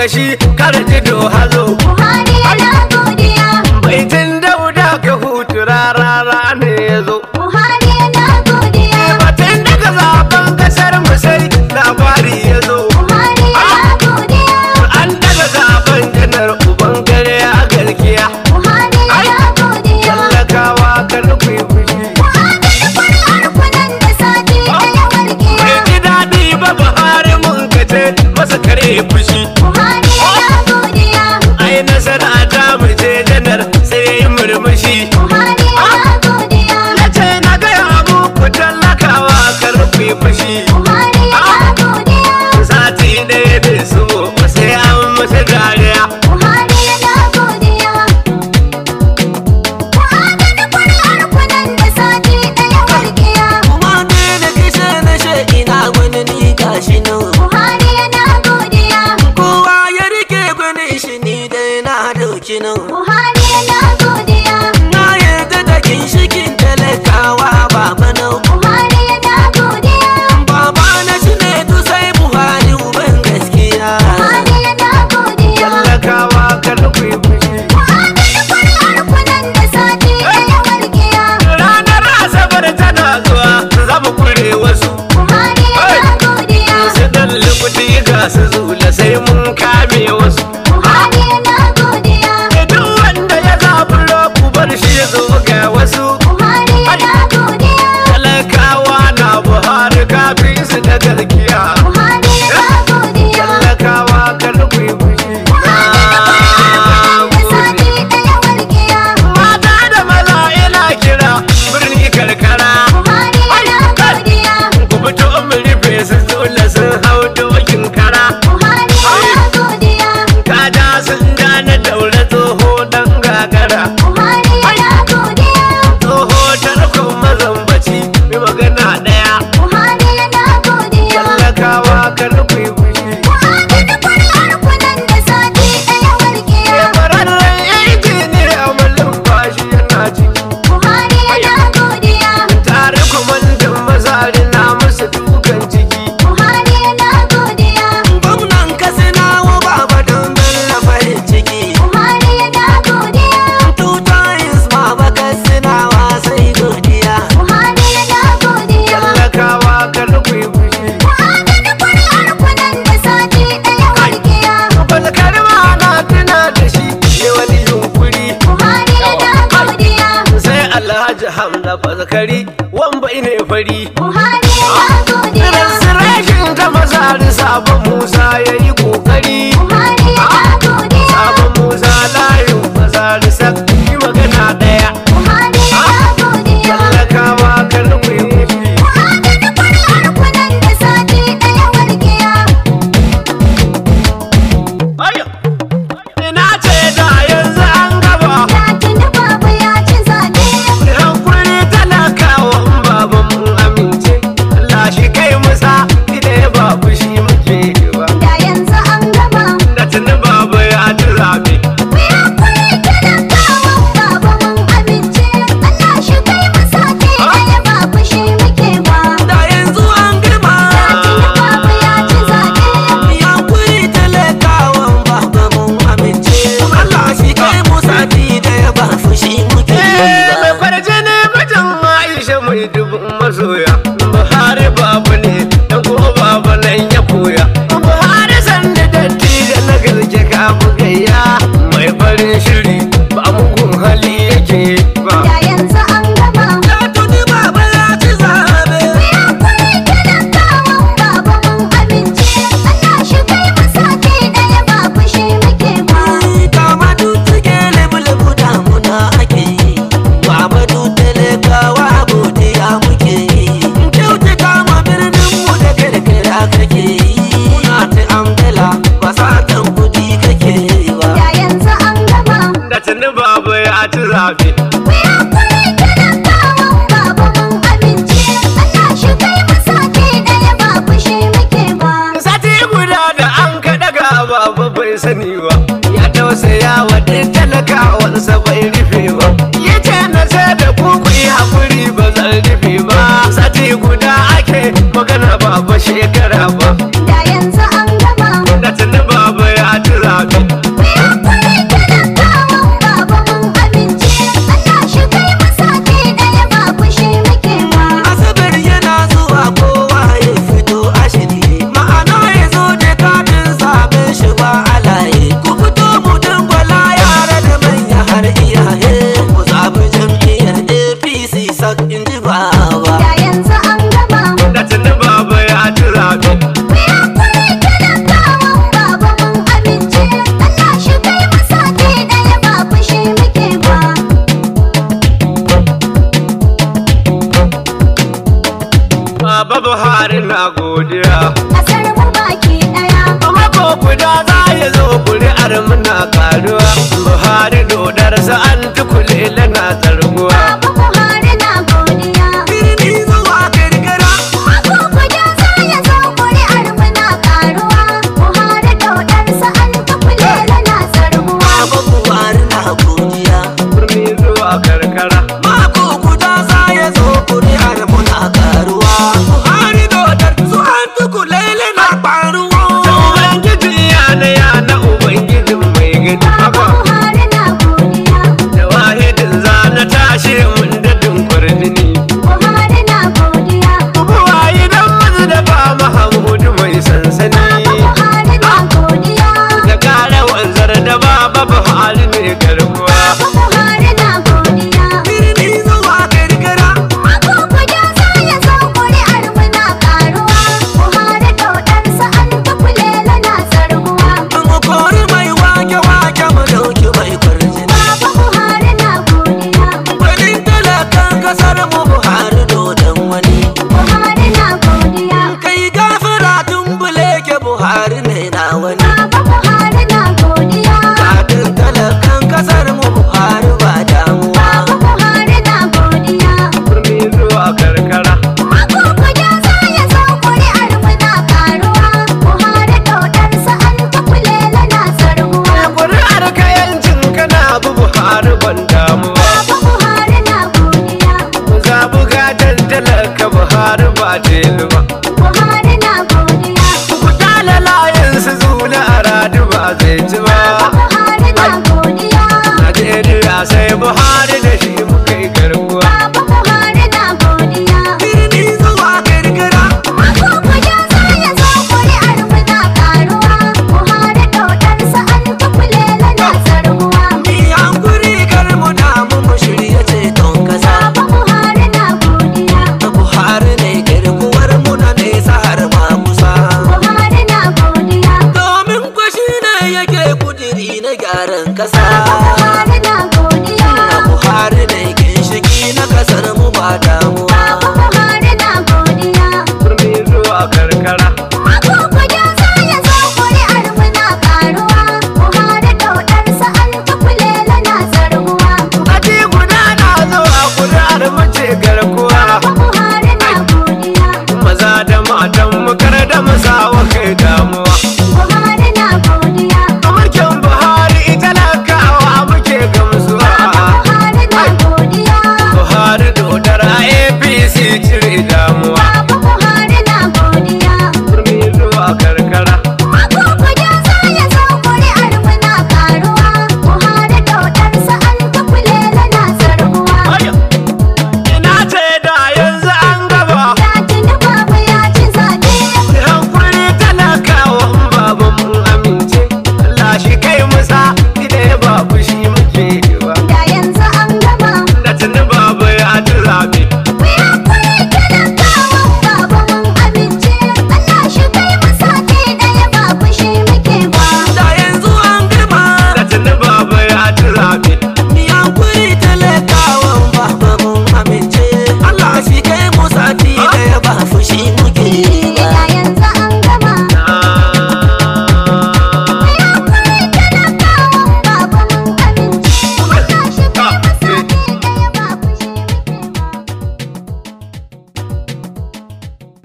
kashi kar ji hazo buhari yana godiya baitin dauda ka hutu rarara ne ya zo kari wamba ne fari buhari ya zo. rashin ta maza da sabon musa yayi Spanish baba bai sani ba ya tausaya wa duk talakawansa bai rufe ba ya ce na sai da kuku yi haƙuri ba zan rufe ba sati guda से बुहार